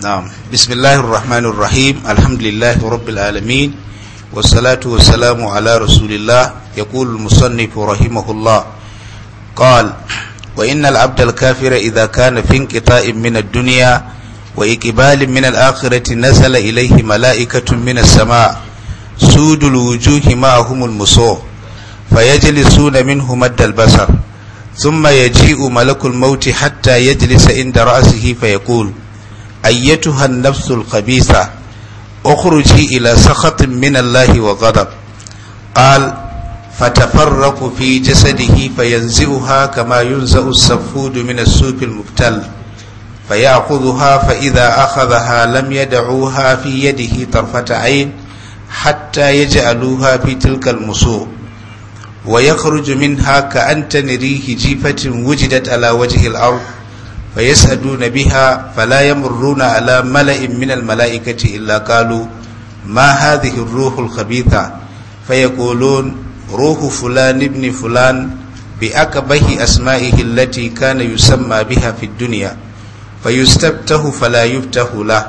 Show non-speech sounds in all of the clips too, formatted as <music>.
نعم بسم الله الرحمن الرحيم الحمد لله رب العالمين والصلاة والسلام على رسول الله يقول المصنف رحمه الله قال وإن العبد الكافر إذا كان في انقطاع من الدنيا وإقبال من الآخرة نزل إليه ملائكة من السماء سود الوجوه معهم المصور فيجلسون منه مد البصر ثم يجيء ملك الموت حتى يجلس عند رأسه فيقول ayyatuha nafsul khabisa ukhruji ila sakhatin min wa ghadab qal fatafarraqu fi jasadihi fayanzuha kama yunzau safudu min as-sufil mubtal fayaqudhuha fa idha akhadhaha lam yad'uha fi yadihi tarfata ayn hatta yaj'aluha fi tilkal musu wa yakhruju minha ka anta nirihi jifatin wujidat ala wajhi al-ardh fayashadu na biha fala ya murruna ala mala'in min mala'ikati illa kalu ma hadhihi ar-ruhul khabitha fayaqulun ruhu fulan ibn fulan bi akbahi asma'ihi allati kana yusamma biha fid dunya fayustabtahu fala yuftahu la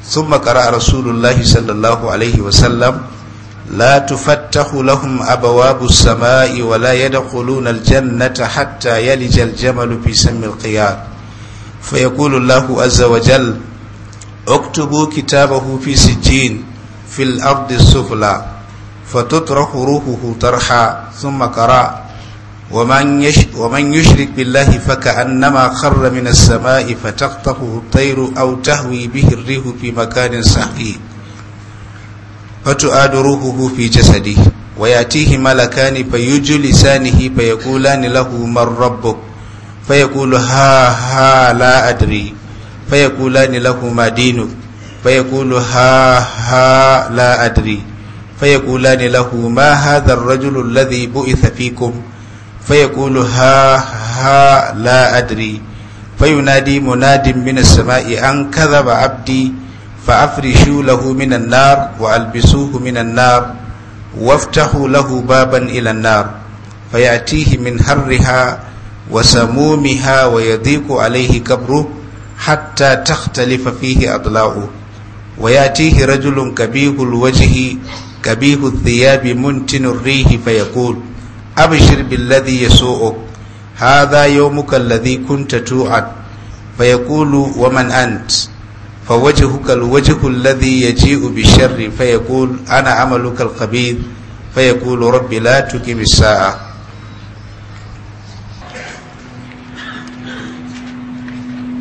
ثم قرأ رسول الله صلى الله عليه وسلم لا تفتح لهم أبواب السماء ولا يدخلون الجنة حتى يلج الجمل في سم فيقول الله عز وجل اكتبوا كتابه في سجين في الأرض السفلى فتطرح روحه طرحا ثم قرأ ومن, يش ومن يشرك بالله فكأنما خر من السماء فتقطفه الطير أو تهوي به الريح في مكان سحيق فتؤاد روحه في جسده ويأتيه ملكان فيجلسانه فيقولان له من ربك فيقول ها ها لا أدري فيقولان له ما دينك فيقول ها ها لا أدري فيقولان له ما هذا الرجل الذي بعث فيكم فيقول ها ها لا أدري فينادي مناد من السماء أن كذب عبدي فأفرشوا له من النار وألبسوه من النار وافتحوا له بابا إلى النار فيأتيه من حرها وسمومها ويضيق عليه كبره حتى تختلف فيه أضلاعه ويأتيه رجل كبيه الوجه كبيه الثياب منتن الريح فيقول أبشر بالذي يسوءك هذا يومك الذي كنت توعد فيقول ومن أنت فوجهك الوجه الذي يجيء بالشر فيقول أنا عملك الخبيث فيقول رب لا تقم الساعة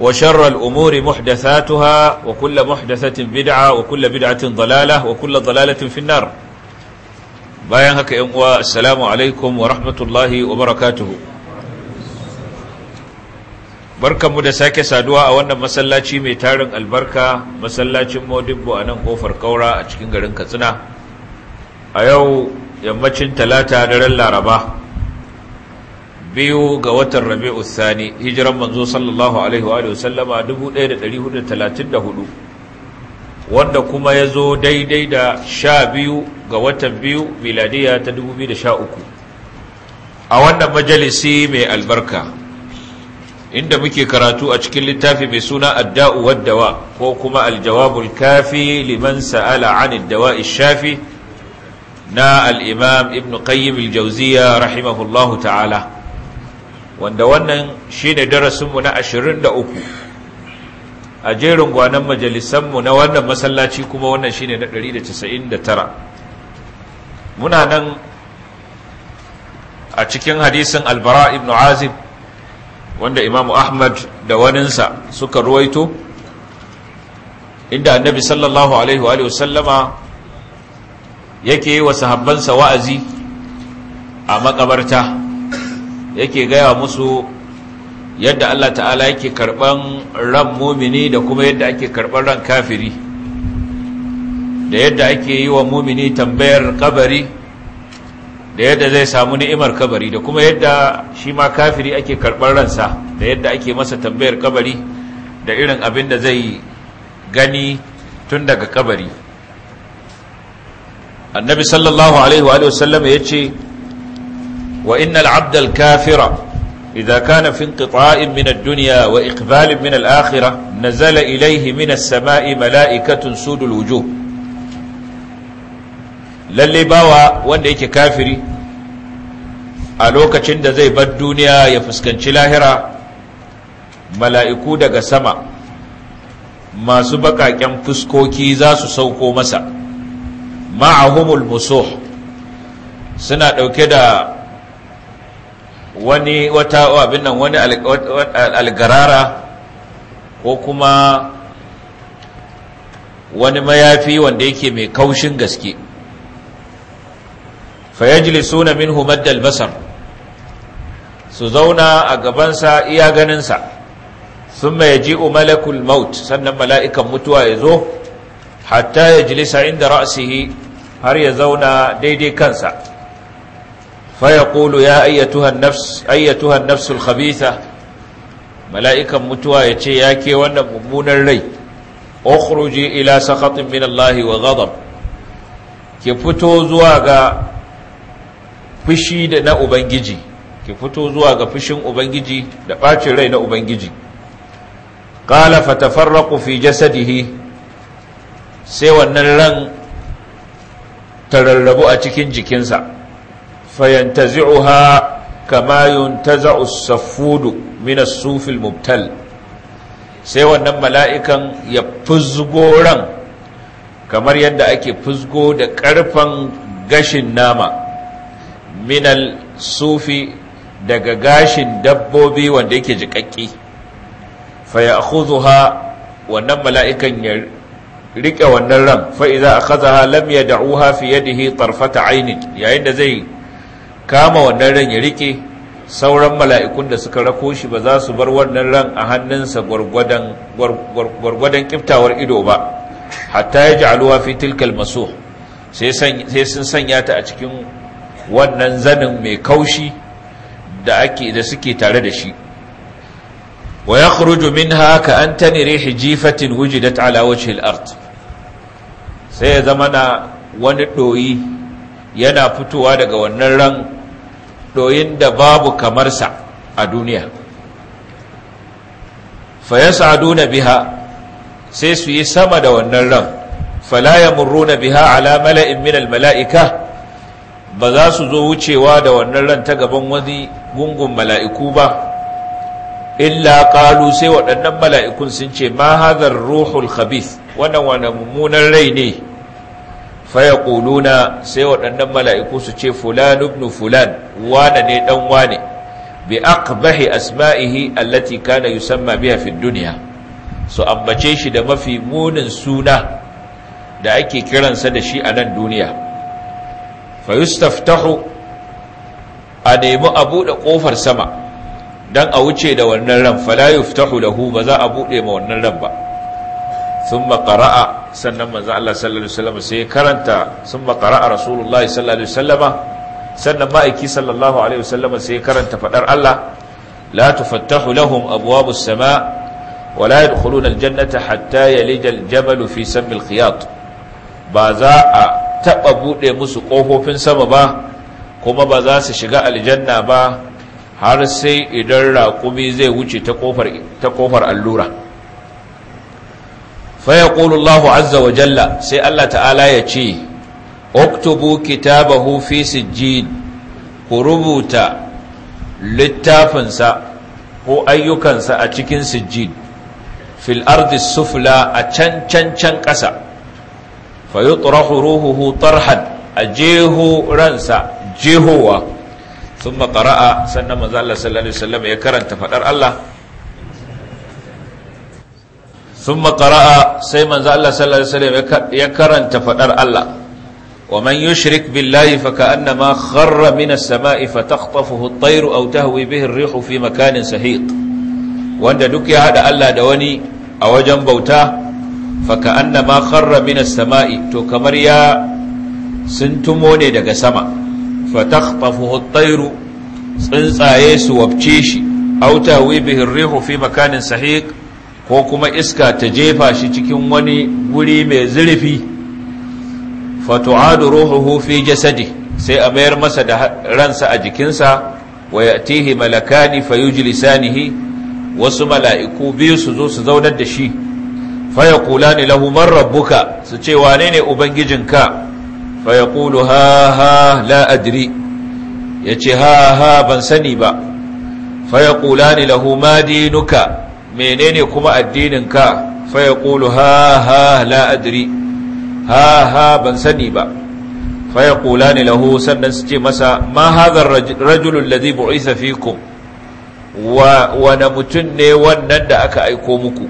وشر الأمور محدثاتها وكل محدثة بدعة وكل بدعة ضلالة وكل ضلالة في النار bayan haka ‘yan uwa asalamu alaikum wa rahmatullahi wa barakatuhu barkanmu da sake saduwa a wannan masallaci mai tarin albarka masallacin modibbo a nan kofar ƙaura a cikin garin katsina a yau yammacin talata daren laraba biyu ga watan rabi'u thani hijiran manzo sallallahu alaihi wa sallama 1434 wanda kuma ya zo daidai da sha biyu ga watan biyu miladiya ta 2013 a wannan majalisi mai albarka inda muke karatu a cikin littafi mai suna adda'u waddawa ko kuma aljawabul kafi liman sa'ala anid dawa'i shafi na al-imam ibn qayyim al-jawziya rahimahullahu ta'ala wanda wannan shine darasinmu na 23 a jerin gwanan majalisanmu na wannan masallaci kuma wannan shine na 199 muna nan a cikin hadisin albara ibn azib wanda imamu ahmad da waninsa suka ruwaito inda annabi sallallahu alaihi wa sallama yake yi wa sahabbansa wa'azi a makabarta yake gaya musu yadda Allah ta'ala yake karban ran mumini da kuma yadda ake karban ran kafiri da yadda ake yi wa mumini tambayar kabari da yadda zai samu ni'imar kabari da kuma yadda shi ma kafiri ake karban ransa da yadda ake masa tambayar kabari da irin abin da zai gani tun daga kabari annabi sallallahu alaihi wa sallam ya ce wa innal abdal kafira idza kana fi inqita'in min ad wa iqbalin min al-akhirah nazala ilaihi min samai mala'ikatun sudul wujuh lalle bawa wanda yake kafiri a lokacin da zai bar duniya ya fuskanci lahira mala'iku daga sama masu baƙaƙen fuskoki za su sauko masa ma'ahumul musuh suna ɗauke da wani wata abin nan wani algarara ko kuma wani mayafi wanda yake mai kaushin gaske fayajlisuna minhu maddal basar su zauna a gabansa iya ganinsa thumma yaji'u malakul maut sannan mala'ikan mutuwa ya zo hatta jilisa inda ra'sihi har ya zauna daidai kansa فيقول يا أيتها النفس أيتها النفس الخبيثة ملائكة متوى يتي ياكي وانا ممون الري أخرجي إلى سخط من wa وغضب ki fito zuwa ga fushi na ubangiji ki fito zuwa ga fushin ubangiji da ɓacin rai na ubangiji qala fatafarraqu fi jasadihi sai wannan ran ta rarrabu a cikin jikinsa fayantazi'uha kama yuntaza'u as-saffudu min as-sufil mubtal sai wannan mala'ikan ya fuzgo ran kamar yadda ake fuzgo da ƙarfan gashin nama minal sufi daga gashin dabbobi wanda yake jiƙaƙƙi faya ha wannan mala'ikan ya riƙe wannan ran fa'iza a kaza lam ya da'uha fiye da hi tarfata ainin yayin da zai kama wannan ran ya rike sauran mala'ikun da suka rako shi ba za su bar wannan ran a hannunsa gwargwadon kiftawar ido ba hatta ya ji aluwa fi tilkal sai sun sanya ta a cikin wannan zanin mai kaushi da suke tare da shi wa ya kuruju min haka an ta nire hijifatin wujidat ala wace al'art sai ya zama na wani ɗoyi yana fitowa daga wannan ran doyin da babu kamarsa a duniya fa na biha sai su yi sama da wannan ran fala na biha ala mala'in min malaika ba za su zo wucewa da wannan ran ta gaban wani gungun mala'iku ba illa qalu sai waɗannan mala'ikun sun ce ma hadhar ruhul khabith wannan wani mummunan rai ne faya kuluna, sai waɗannan mala'iku su ce fulan ibn fulan wane ne ɗan wane bi aqbahi asma'ihi allati kana yusamma biha fi duniya su ambace shi da mafi munin suna da ake kiransa da shi a nan duniya fa yustaftahu a nemi a buɗe ƙofar sama don a wuce da wannan ran fala yuftahu lahu ba za a buɗe ma wannan ran ba sun makara'a sannan manzan Allah sallallahu Alaihi wasallam sai karanta sun makara'a rasulullah sallallahu Alaihi wasallama sannan ma'aiki sallallahu Alaihi wasallama sai karanta faɗar Allah la tufattahu lahum abuwa sama ولا hatta الجنة حتى يلج الجبل في Ba za a تبا بودي musu kofofin sama ba kuma ba za su shiga aljanna ba har sai idan raƙumi zai wuce ta kofar allura faya ƙulullahu azza wa jalla sai Allah ta'ala ya ce oktubu kitabahu fi sijjin ku rubuta littafinsa ko ayyukansa a cikin sijjin fil ardi sufla a can can can ƙasa fa yutrahu ruhuhu tarhan a jeho ransa jehowa sun maƙara'a sannan manzo sallallahu alaihi ya karanta faɗar Allah sun makara'a sai manzo Allah sallallahu Alaihi wasallam ya karanta faɗar Allah wa man yushrik billahi fa wanda duk ya hada Allah da wani a wajen bauta fa to kamar ya sintumo ne daga sama tsuntsaye su wabce shi makanin ko kuma iska ta jefa shi cikin wani guri mai zurfi fatu'adu ruhuhu fi jasadi sai a mayar masa da ransa a jikinsa wa ya'tihi malakani fayujlisanihi wasu mala'iku biyu su zo su zaunar da shi fayaqulani lahu man rabbuka su ce wane ne ubangijinka fayaqulu ha ha la adri yace ha ha ban sani ba fayaqulani lahu ma dinuka menene kuma addininka fa ya ƙulu ha ha la adri ha ha ban sani ba fa ya ne lahu sannan su ce masa ma hazar rajulun lazi bu'isa fikum wa wane mutum ne wannan da aka aiko muku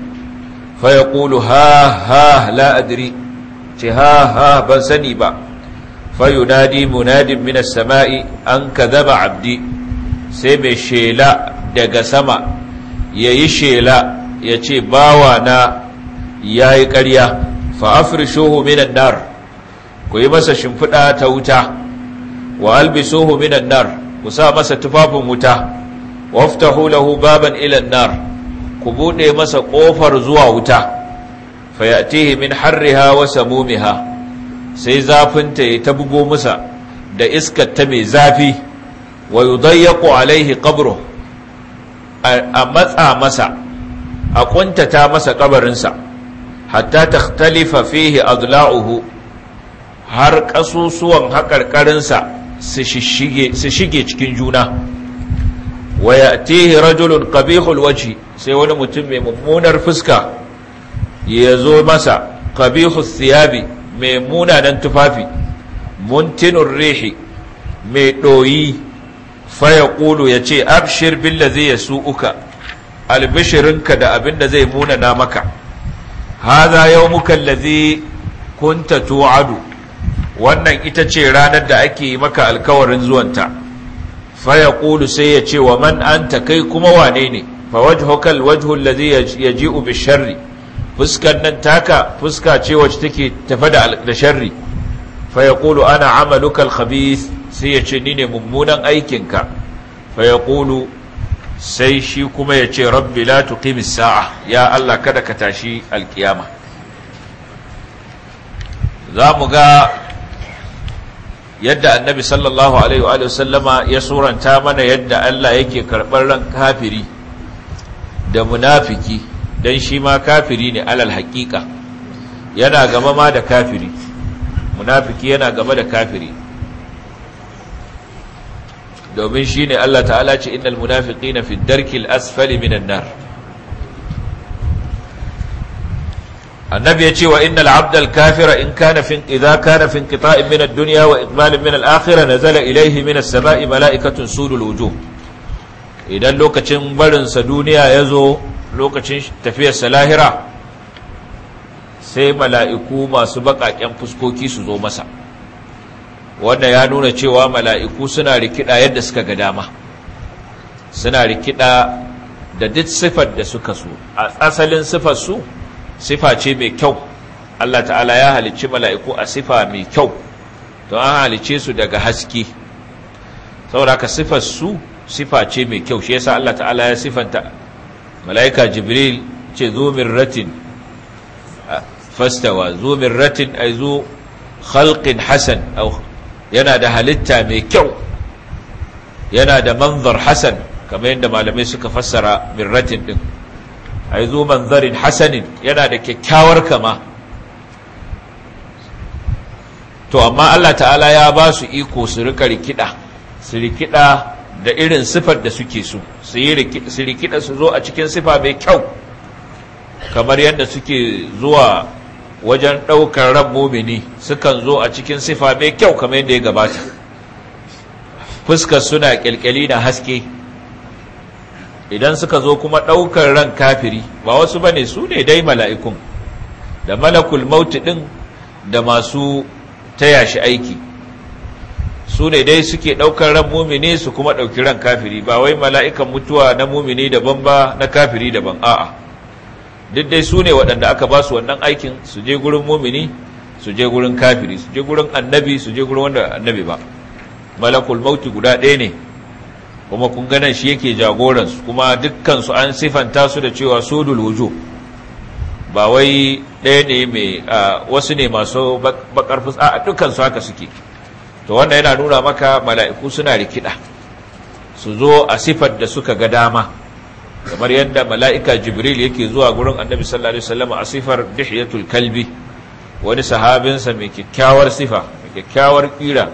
fa ya ha ha la adri ce ha ha ban sani ba fa yunadi munadin minas sama'i an kadhaba abdi sai mai shela daga sama ya yi shela ya ce bawa na ya yi ƙarya fa'afir shohu minan nar ku yi masa shimfiɗa ta wuta wa albi shohu minan nar ku sa masa tufafin wuta wafta hulahu baban ilan nar ku buɗe masa ƙofar zuwa wuta fayatihi min harriha wasa mumiha. sai zafinta ya ta bugo masa da iskar ta mai zafi wa yudayyaku alaihi ƙabro. a matsa masa a kuntata masa kabarinsa hatta takhtalifa fihi adla'uhu har kasusuwan haƙarƙarinsa su shige cikin juna wa ya'tihi rajulun qabihul waci sai wani mutum mai mummunar fuska ya zo masa ƙabihul siyabi mai munanan tufafi muntinur rihi mai ɗoyi faya ƙulu ya ce abshir billa ya su'uka albishirinka da abin da zai munana maka haza yau muka lazi kunta tu'adu wannan ita ce ranar da ake yi maka alkawarin zuwanta faya Kulu sai ya ce wa man kai kuma wane ne fa wajhukal wajhul ladhi yaji'u bi sharri fuskar nan taka fuska ce wacce take tafa da sharri fa yaqulu ana amaluka al khabith sai ya ce ni ne mummunan aikinka fa ya ƙulu sai shi kuma ya ce rabbi la tuqimi sa'a ya Allah kada ka tashi alkiyama za mu ga yadda annabi sallallahu alaihi wa sallama ya suranta mana yadda Allah yake karɓar ran kafiri da munafiki don shi ma kafiri ne alal hakika yana gama ma da kafiri munafiki yana gama da kafiri domin shi ne Allah ta'ala ce innal munafiqina na darkil asfali minan nar annabi ya ce wa innal abdal kafira in kana fin idza kana fin qita'in min ad wa iqbalin min akira akhirah nazala ilaihi min as mala'ikatun sudul wujuh idan lokacin barin duniya duniya yazo lokacin tafiyarsa lahira sai mala'iku masu baƙaƙen fuskoki su zo masa wanda ya nuna cewa mala'iku suna rikida yadda suka ga dama suna rikida da duk sifar da suka so a asalin sifar su sifa ce mai kyau Allah ta'ala ya halicci mala'iku a sifa mai kyau don an halicce su daga haske sauraka sifar su sifa ce mai kyau shi yasa Allah ta'ala ya sifanta mala'ika jibril ce zo min ratin fastawa zo min ratin ai zo khalqin hasan yana da halitta mai kyau yana da manzar hasan kamar yadda malamai suka fassara birratin din A zo manzarin hasanin yana da kyakkyawar kama to amma Allah ta'ala ya ba su iko su rika rikida su rikida da irin sifar da suke su su rikida su zo a cikin sifa mai kyau kamar yadda suke zuwa wajen ɗaukar ran mumini sukan zo a cikin sifa mai kyau kamar yadda ya gabata fuskar suna kyalkyali da haske idan suka zo kuma ɗaukar ran kafiri ba wasu ba ne su ne dai mala'ikun da malakul mauti ɗin da masu taya shi aiki su ne dai suke ɗaukar ran mumini su kuma ɗauki ran kafiri ba wai mala'ikan mutuwa na mumini daban ba na kafiri daban a'a duk dai su ne waɗanda aka ba su wannan aikin su je gurin mumini su je gurin kafiri su je gurin annabi su je gurin wanda annabi ba malakul mauti guda ɗaya ne kuma kun ganin shi yake jagoransu kuma dukkansu an sifanta su da cewa sudul wujo ba wai ɗaya ne mai wasu ne masu bakar fusa. a dukkansu haka suke to wannan yana nuna maka mala'iku suna rikida su zo a sifar da suka ga dama kamar yadda mala'ika jibril yake zuwa gurin annabi sallallahu alaihi wasallam a sifar dihiyatul kalbi wani sahabinsa mai kyakkyawar sifa mai kyakkyawar kira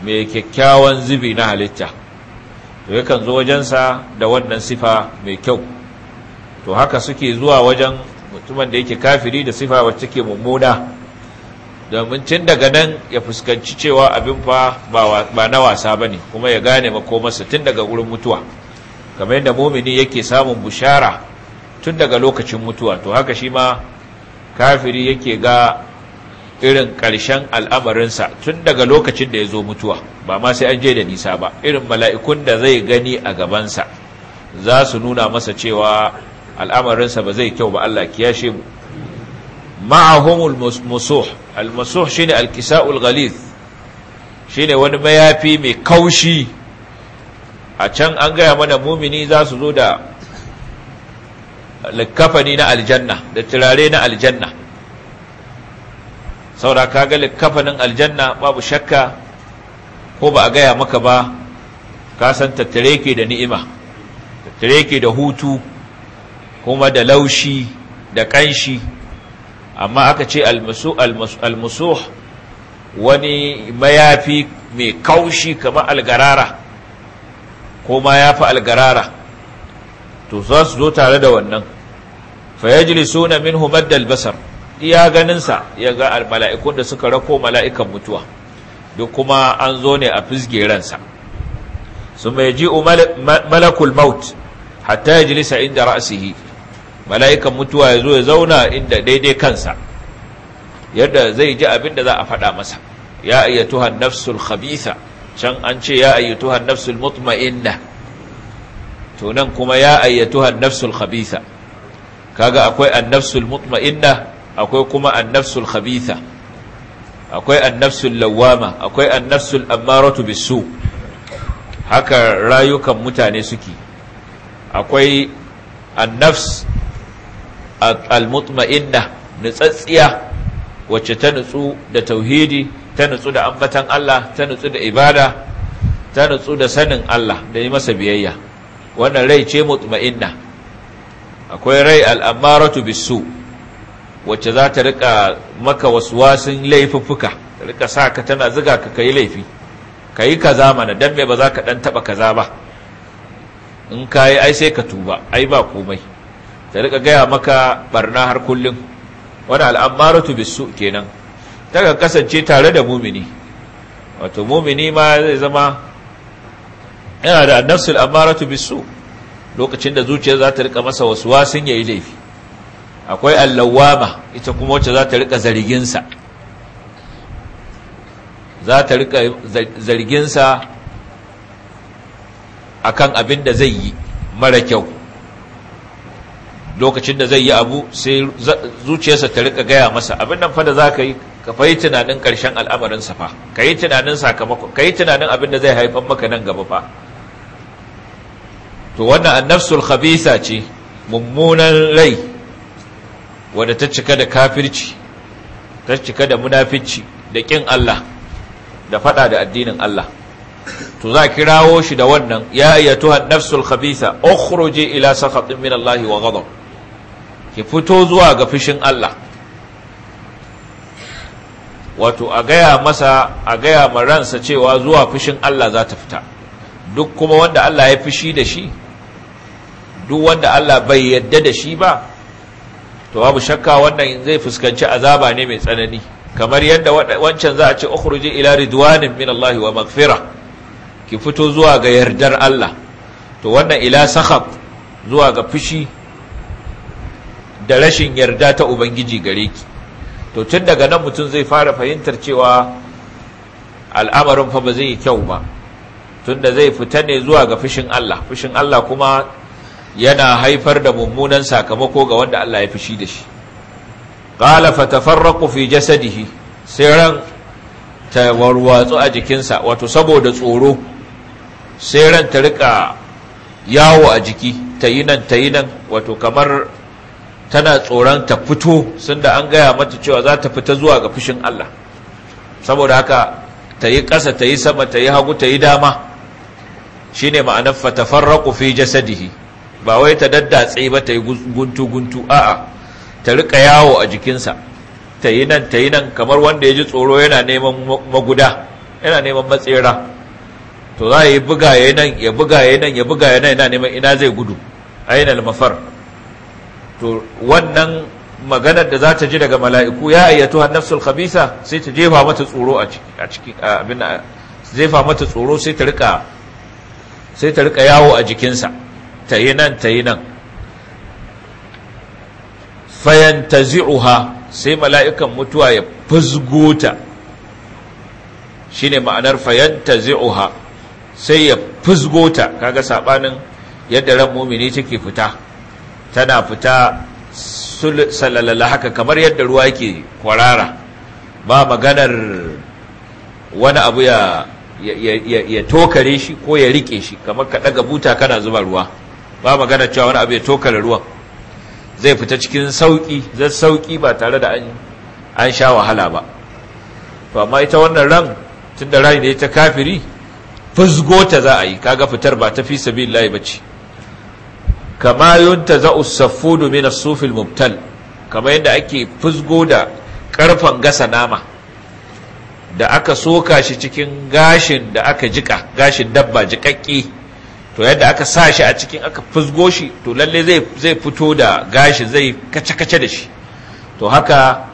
mai kyakkyawan zubi na halitta to yakan zo wajensa da wannan sifa mai kyau to haka suke zuwa wajen mutumin da yake kafiri da sifa wacce ke mummuna domin tun daga nan ya fuskanci cewa abin fa ba na wasa ba ne kuma ya gane makomarsa tun daga wurin mutuwa kamar yadda mumini yake samun bushara tun daga lokacin mutuwa to haka shi ma kafiri yake ga irin ƙarshen al'amarinsa tun daga lokacin da ya zo mutuwa ba ma sai an je da nisa ba irin mala'ikun da zai gani a gabansa za su nuna masa cewa al'amarinsa ba zai kyau ba Allah kiyashe mu ma'ahumul musuh al-musuh shine al-kisa'ul ghalith shine wani mayafi mai kaushi a can an gaya mana mumini za su zo da likafani na aljanna da turare na aljanna saura kaga likafanin aljanna babu shakka ko ba a gaya maka ba ka san tattare ke da ni'ima tattare ke da hutu kuma da laushi da ƙanshi amma aka ce almusuh wani mayafi mai kaushi kamar algarara ko ma ya fi algarara to za su zo tare da wannan fa yajlisuna minhu maddal basar iya ganinsa ya ga mala'ikun da suka rako mala'ikan mutuwa duk kuma an zo ne a fisge ransa sun mai ji'u malakul maut hatta ya jilisa inda ra'asihi mala'ikan mutuwa ya zo ya zauna inda daidai kansa yadda zai ji abin da za a faɗa masa ya ayyatuhan nafsul khabitha can an ce ya ayyatuha nafsul mutma'inna to nan kuma ya ayyatuha nafsul khabitha kaga akwai an mutma'inna akwai kuma an khabitha akwai an lawwama lawama akwai an ammaratu bisu haka rayukan mutane suke akwai an-nafs al-mutma'inna nutsatsiya wacce ta nutsu da tauhidi ta nutsu da ambatan Allah ta nutsu da ibada ta nutsu da sanin Allah da yi masa biyayya wannan rai ce mutma'inna akwai rai al'amaratu bisu wacce za ta rika maka waswasin laifuffuka ta rika sa ka tana ziga ka kai laifi ka yi kaza mana don me ba za ka dan taba kaza ba in ka yi ai sai ka tuba ai ba komai ta rika gaya maka barna har kullum wani al'amaratu bisu kenan takan kasance tare da mumini wato mumini ma zai zama yana da annafsul amaratu bisu lokacin da zuciya za ta rika masa wasu wasin ya yi laifi akwai allawama ita kuma wacce za ta rika zarginsa za ta rika zarginsa akan abin da zai yi mara kyau lokacin da zai yi abu sai zuciyarsa ta rika gaya masa abin nan fada za ka yi ka fayi tunanin ƙarshen al'amarin fa ka yi tunanin sakamako, ka yi tunanin abin da zai haifar maka nan gaba fa to wannan annafsul khabisa ce mummunan rai wadda ta cika da kafirci ta cika da munafici da ƙin Allah da faɗa da addinin Allah to za kirawo shi da wannan ya ayyatuha nafsul khabitha ukhruji ila sakhatin min Allah wa ghadab ki fito zuwa ga fushin Allah wato a gaya masa a gaya ma ransa cewa zuwa fushin Allah za ta fita duk kuma wanda Allah ya fushi da shi duk wanda Allah bai yadda da shi ba to babu shakka wannan zai fuskanci azaba ne mai tsanani kamar yadda wancan za a ce ukhruji ila ridwanin min Allah wa maghfira ki fito zuwa ga yardar Allah to wannan ila sakhab zuwa ga fushi da rashin yarda ta ubangiji gare ki to tun daga nan mutum zai fara fahimtar cewa al'amarin fa ba zai yi kyau ba tun da zai fita ne zuwa ga fushin Allah fushin Allah kuma yana haifar da mummunan sakamako ga wanda Allah ya fushi da shi qala fatafarraqu fi jasadihi sai ran ta warwatsu a jikinsa wato saboda tsoro sai ran ta rika yawo a jiki ta yi nan ta yi nan wato kamar tana tsoron ta fito sun da an gaya mata cewa za ta fita zuwa ga fushin Allah saboda haka ta yi ƙasa ta yi sama ta yi hagu ta yi dama shi ne ma'anar fatafarraku fi jasadihi ba wai ta daddatse ba ta yi guntu-guntu a'a ta riƙa yawo a jikinsa ta yi nan ta yi nan kamar wanda ya ji tsoro yana neman maguda yana neman matsera to za a yi buga ya nan ya buga ya nan ya buga ya nan yana neman ina zai gudu ainihin mafar to wannan maganar da za ta ji daga mala'iku ya ayyatu hannafsul khabisa sai ta jefa mata tsoro a cikin abin jefa mata tsoro sai ta rika yawo a jikinsa ta yi nan ta yi nan zi'uha sai mala'ikan mutuwa ya fuzgota shi ne ma'anar zi'uha sai ya fuzgota kaga saɓanin yadda ran mumini take fita tana fita salalala haka kamar yadda ruwa yake kwarara ba maganar wani abu ya ya tokare shi ko ya rike shi kamar ka daga buta kana zuba ruwa ba maganar cewa wani abu ya tokare ruwan zai fita cikin sauki zai sauki ba tare da an sha wahala ba to amma ita wannan ran da rai ne ta kafiri fusgo ta za a yi kaga fitar ba ta fi ba ce. kama yunta za usaffudu min sufil mubtal kama yadda ake fusgo da karfan gasa nama da aka soka shi cikin gashin da aka jika gashin dabba jikakki to yadda aka sa shi a cikin aka fusgo shi to lalle zai fito da gashi, zai kace-kace da shi to haka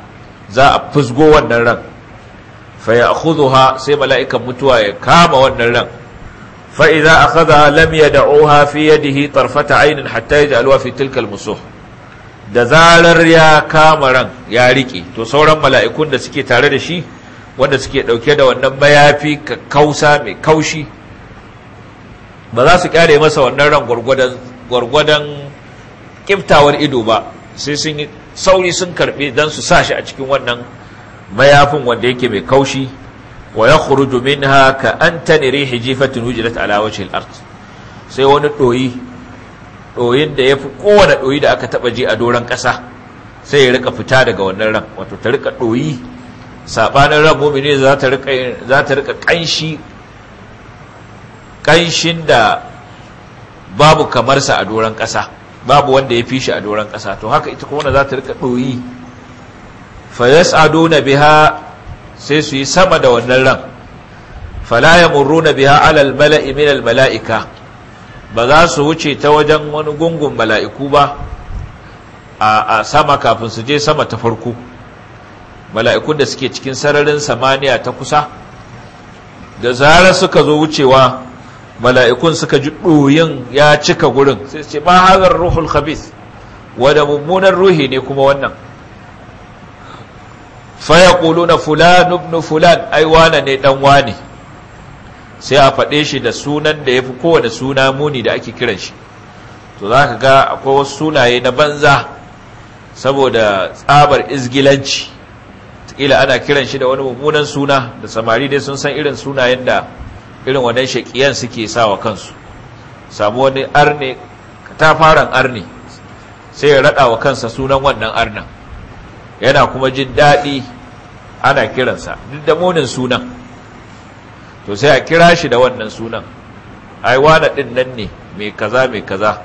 za a fusgo wannan ran fa ya sai mala'ikan mutuwa ya kama wannan ran فإذا أخذها لم يدعوها في يده طرفة عين حتى يجعلوها في تلك المسوح da zarar ya kama ran ya riƙe to sauran mala'ikun da suke tare da shi wanda suke ɗauke da wannan mayafi ka kausa mai kaushi ba za su ƙyare masa wannan ran gwargwadon ƙiftawar ido ba sai sun yi sauri sun karɓe don su sa shi a cikin wannan mayafin wanda yake mai kaushi wa yakhruju haka. ka antani rihi jifatin wujidat ala sai wani ɗoyi, ɗoyin da yafi kowane ɗoyi da aka taba ji a doron ƙasa sai ya rika fita daga wannan ran wato ta rika ɗoyi. sabanin ran mu'mini za ta rika za da babu kamar sa a doron kasa babu wanda ya fi shi a doran kasa to haka ita kuma za ta rika doyi fa yas'aduna biha sai su yi sama da wannan ran fala muruna biha alal mala'i min al mala'ika ba za su wuce ta wajen wani gungun mala'iku ba a sama kafin su je sama ta farko mala'ikun da suke cikin sararin samaniya ta kusa da zarar suka zo wucewa mala'ikun suka ji ɗoyin ya cika gurin sai ce ma hazar ruhul khabis wadda mummunan ruhi ne kuma wannan fayakuluna fulan ibn fulan ai wane ne dan wane sai a faɗe shi da sunan da yafi kowane suna muni da ake kiran shi to zaka ga akwai wasu sunaye na banza saboda tsabar izgilanci kila ana kiran shi da wani mummunan suna da samari dai sun san irin sunayen da irin wannan shakiyan suke sawa kansu samu wani arne ta faran arne sai ya raɗa wa kansa sunan wannan arnan yana kuma jin daɗi ana kiransa duk da munin sunan to sai a kira shi da wannan sunan ai wane ɗin nan ne mai kaza mai kaza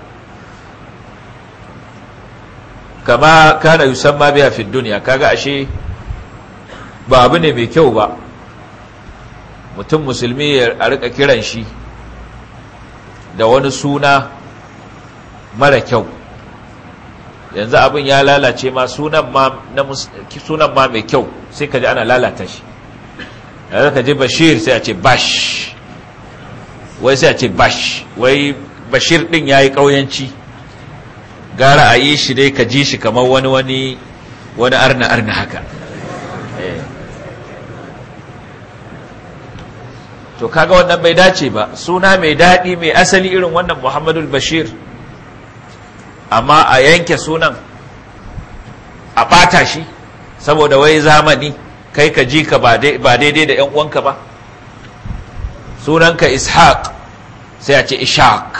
kama kana ma biya fi duniya kaga ashe ba abu ne mai kyau ba mutum musulmi ya rika kiran shi da wani suna mara kyau yanzu abin ya lalace ma sunan ma mai kyau sai ka ji ana lalata shi yanzu ka ji bashir sai a ce bash wai sai a ce bash wai bashir ɗin ya yi ƙauyanci gara a yi shi dai ka ji shi kamar wani wani wani arna arna haka eh. to kaga wannan bai dace ba suna mai daɗi mai asali irin wannan muhammadul bashir amma a yanke sunan a ɓata shi saboda wai zamani kai ka ji ka ba daidai da ‘yan uwanka ba sunanka ishaq sai a ce ishaq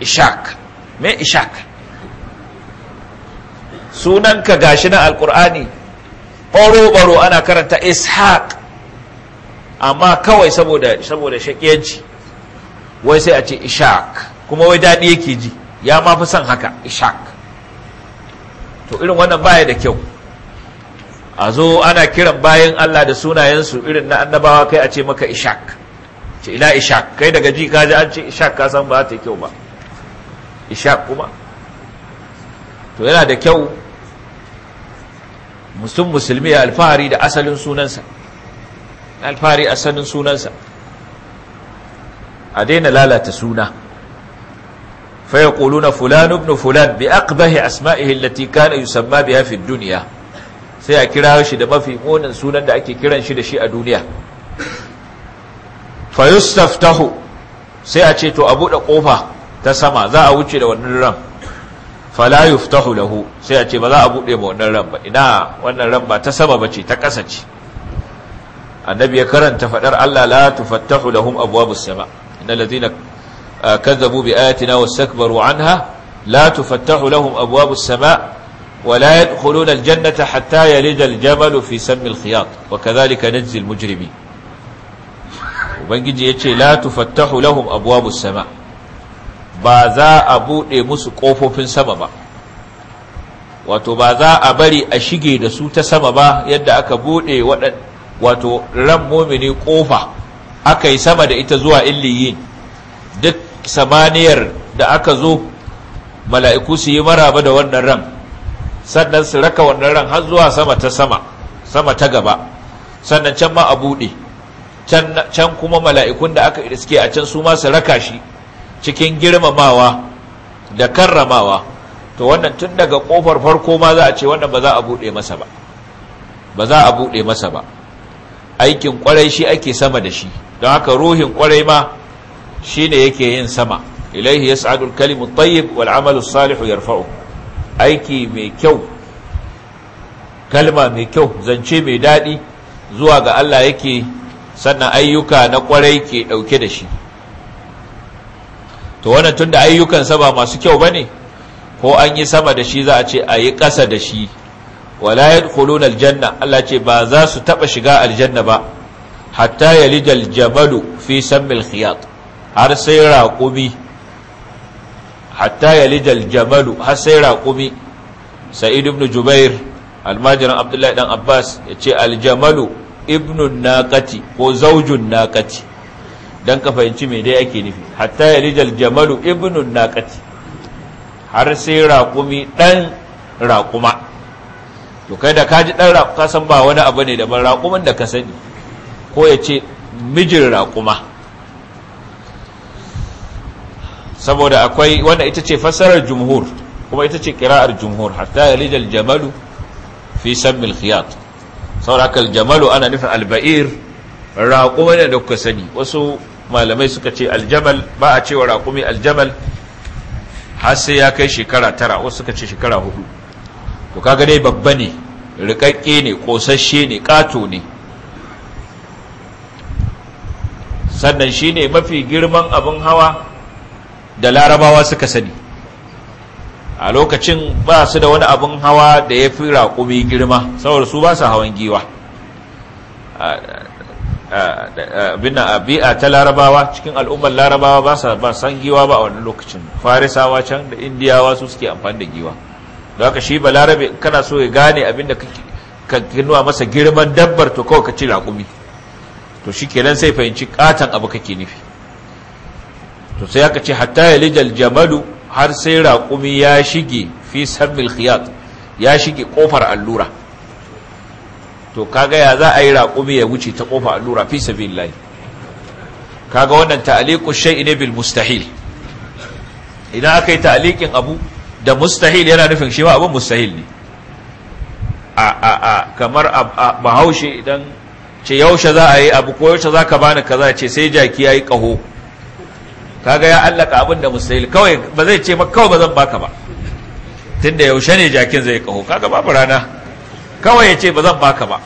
ishaq me ishaq sunanka gashi na alkur'ani ɓaro-ɓaro ana karanta ishaq amma kawai saboda shakiyanci wai sai a ce ishaq kuma wai daɗi yake ji ya ma fi son haka Ishak. to irin wannan baya da kyau a zo ana kiran bayan Allah da sunayensu irin na annabawa kai a ce maka Ishak. ce ila ishak kai daga ji kaji an ce Ishak ka san ba ta kyau ba Ishak kuma to yana da kyau musulmi musulmi ya alfahari da asalin sunansa alfahari asalin sunansa a daina lalata suna fa yaquluna fulan ibn fulan bi aqbahi asma'ihi allati kana yusamma biha fi duniya sai a kira shi da mafi munin sunan da ake kiran shi da shi a duniya fa yustaftahu sai a to a buɗe ƙofa ta sama za a wuce da wannan ran fala yuftahu sai a ce a buɗe ma wannan ran ba ina wannan ran ba ta sama bace ta ƙasa ce annabi ya karanta faɗar Allah la tufattahu lahum abwabus sama كذبوا بآياتنا واستكبروا عنها لا تفتح لهم أبواب السماء ولا يدخلون الجنة حتى يلد الجمل في سم الخياط وكذلك نجزي المجرمين وبنجي يتشي لا تفتح لهم أبواب السماء بازا أبو إيموس قوفو في السماء wato ba za a bari a shige da su ta sama ba yadda aka bude waɗan wato ran momini ƙofa aka yi sama da ita zuwa illiyin duk samaniyar da aka zo mala'iku su yi maraba da wannan ran sannan su raka wannan ran har zuwa sama ta sama sama ta gaba sannan can ma a buɗe can kuma mala'ikun da aka iske a can su ma su raka shi cikin girmamawa da karramawa to wannan tun daga ƙofar farko ma za a ce wannan ba za a buɗe masa ba ba za a buɗe masa ba aikin ƙwarai shi ake sama da shi don haka ruhin kwarai ma Shi ne yake yin sama ilaihi yas'adu al-kalimu tayyib wal 'amalu as-salihu yarfa'u aiki mai kyau kalma mai kyau zance mai daɗi. zuwa ga Allah yake sannan ayyuka na kwarai ke ɗauke da shi to wannan tunda ayyukan ayyukansa ba masu kyau ne? ko an yi sama da shi za a ce a yi ƙasa da shi wala yadkhuluna al aljanna. Allah ce ba za su taɓa shiga aljanna ba hatta Yalidal jamalu fi sammil khiyat har sai raƙumi hatta yalijal jamalu har sai raƙumi sa'id ibn jubair almajiran abdullahi dan abbas ya ce aljamalu ibnun naqati ko zaujun naqati dan ka fahimci me dai ake nufi hatta yalijal jamalu ibnun naqati har sai raƙumi dan raƙuma to kai da kaji dan raƙuma san ba wani abu ne da ban raƙumin da ka sani ko ya ce mijin raƙuma saboda akwai wannan ita ce fassarar jumhur kuma ita ce kira'ar jumhur hatta yalijal jamalu fi sammil khiyat sauraka Jamalu ana nufin alba'ir raƙuma ne da kuka sani wasu malamai suka ce aljamal ba a cewa raƙumi aljamal har sai ya kai shekara tara wasu suka ce shekara hudu to kaga dai babba ne riƙaƙƙe ne ƙosasshe ne ƙato ne sannan shine mafi girman abin hawa da larabawa suka sani a lokacin ba su da wani abin hawa da ya fi raƙumi girma saboda su ba su hawan giwa abin abi'a ta larabawa cikin al'ummar larabawa ba su ba san giwa ba a wani lokacin farisawa can da indiyawa su suke amfani da giwa da shi ba larabe kana so ya gane abin da ka nuna masa girman dabbar to kawai ka ci raƙumi to shi kenan sai fahimci katon abu kake nufi to sai aka ce hatta yalijal jamalu har sai raƙumi ya shige fi sammil khiyat ya shige kofar allura to kaga ya za a yi raƙumi ya wuce ta kofar allura fi sabilillah kaga wannan ta'liqu shay'in bil mustahil idan aka yi ta'liqin abu da mustahil yana nufin shi ma abin mustahil ne a a a kamar a bahaushe idan ce yaushe za a yi abu ko yaushe za ka bani kaza ce sai jaki ya yi ƙaho kaga ya allaka abin da mustahil kawai ba zai ce maka kawai ba zan baka ba tunda yaushe ne jakin zai kaho kaga babu rana kawai ya ce ba zan baka ba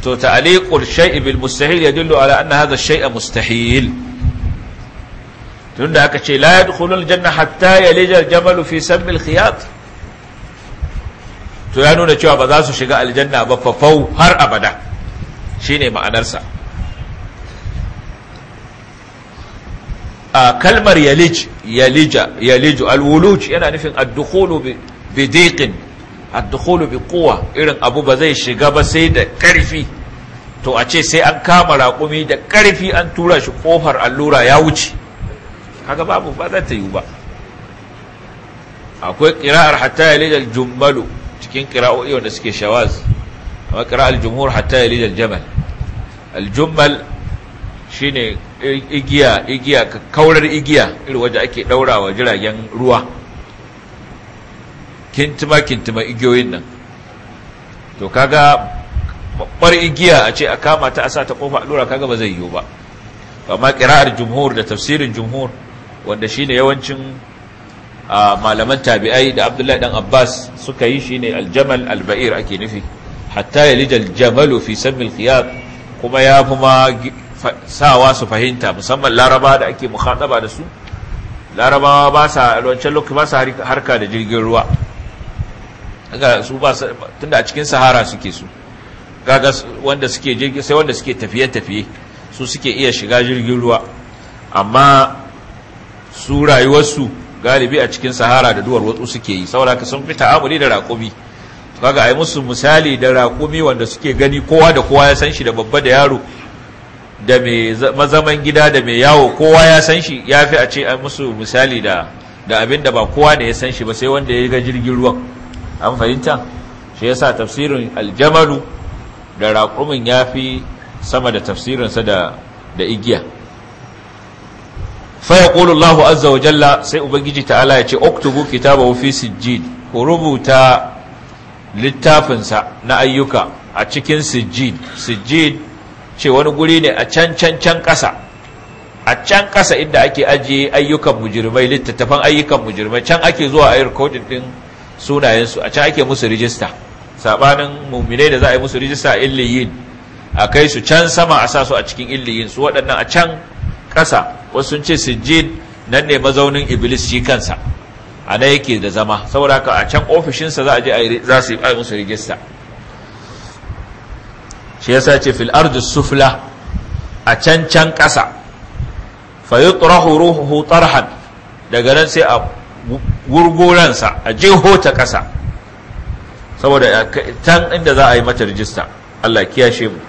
to ta'liqul shay'i bil mustahil yadullu ala anna hadha shay'a mustahil tunda aka ce la yadkhulul janna hatta yalija al Jamal fi sammi al-khiyat to ya nuna cewa ba za su shiga aljanna ba fafau har abada shine ma'anarsa a kalmar yalij yalija yaliju alwuluj yana nufin ad-dukhulu bi diqin ad bi quwwa irin abu ba zai shiga ba sai da karfi to a ce sai an kama raƙumi da karfi an tura shi kofar allura ya wuce kaga babu ba za ta yi ba akwai qira'ar hatta Yalijal jummalu cikin qira'o'i wanda suke shawaz amma qira'al jumhur hatta Yalijal jamal al-jummal shine igiya igiya kaurar igiya irin wajen ake daurawa jiragen ruwa kintima kintima igiyoyin nan to kaga babbar igiya a ce a kama ta a sa ta ƙofa allura kaga ba zai yiwu ba amma kira'ar jumhur da tafsirin jumhur wanda shine yawancin malaman tabi'ai da abdullahi dan abbas suka yi shine aljamal alba'ir ake nufi hatta yalija Jamalu fi sammi kuma ya kuma sawa su fahimta musamman laraba da ake mukhataba da su larabawa ba sa wancan lokaci ba sa harka da jirgin ruwa ga su ba tunda a cikin sahara suke su ga wanda suke jirgin sai wanda suke tafiye tafiye su suke iya shiga jirgin ruwa amma su rayuwarsu galibi a cikin sahara da duwar suke yi saboda sun fi ta'amuli da raƙumi kaga ai musu misali da raƙumi wanda suke gani kowa da kowa ya san shi da babba da yaro da mai mazaman gida da mai yawo kowa ya san shi ya fi a ce a musu misali da da abin da ba kowa ne ya san shi ba sai wanda ya ga jirgin ruwan an fahimta shi ya sa tafsirin aljamalu da raƙumin ya fi sama da tafsirinsa da da igiya fa ƙolo Allahu azza wa jalla sai ubangiji ta'ala ya ce oktubu kitaba fi sijjid ku rubuta littafinsa na ayyuka a cikin sijjid sijjid ce wani guri ne a can can can ƙasa a can ƙasa inda ake ajiye ayyukan mujirmai littattafan ayyukan mujirmai can ake zuwa a yi rikodin ɗin sunayensu a can ake musu rijista saɓanin mummine da za a yi musu rijista a illiyin a kai su can sama a sa su a cikin illiyin su waɗannan a can ƙasa wasu sun ce sijjid nan ne mazaunin iblis shi kansa a nan yake da zama saboda haka a can ofishinsa za a je za yi musu rijista shi yasa ce fil ardu sufla a cancan can kasa fa yutrahu ruhu tarhan daga nan sai a wurgoransa a jiho ta kasa saboda can inda za a yi mata rijista Allah kiyashe mu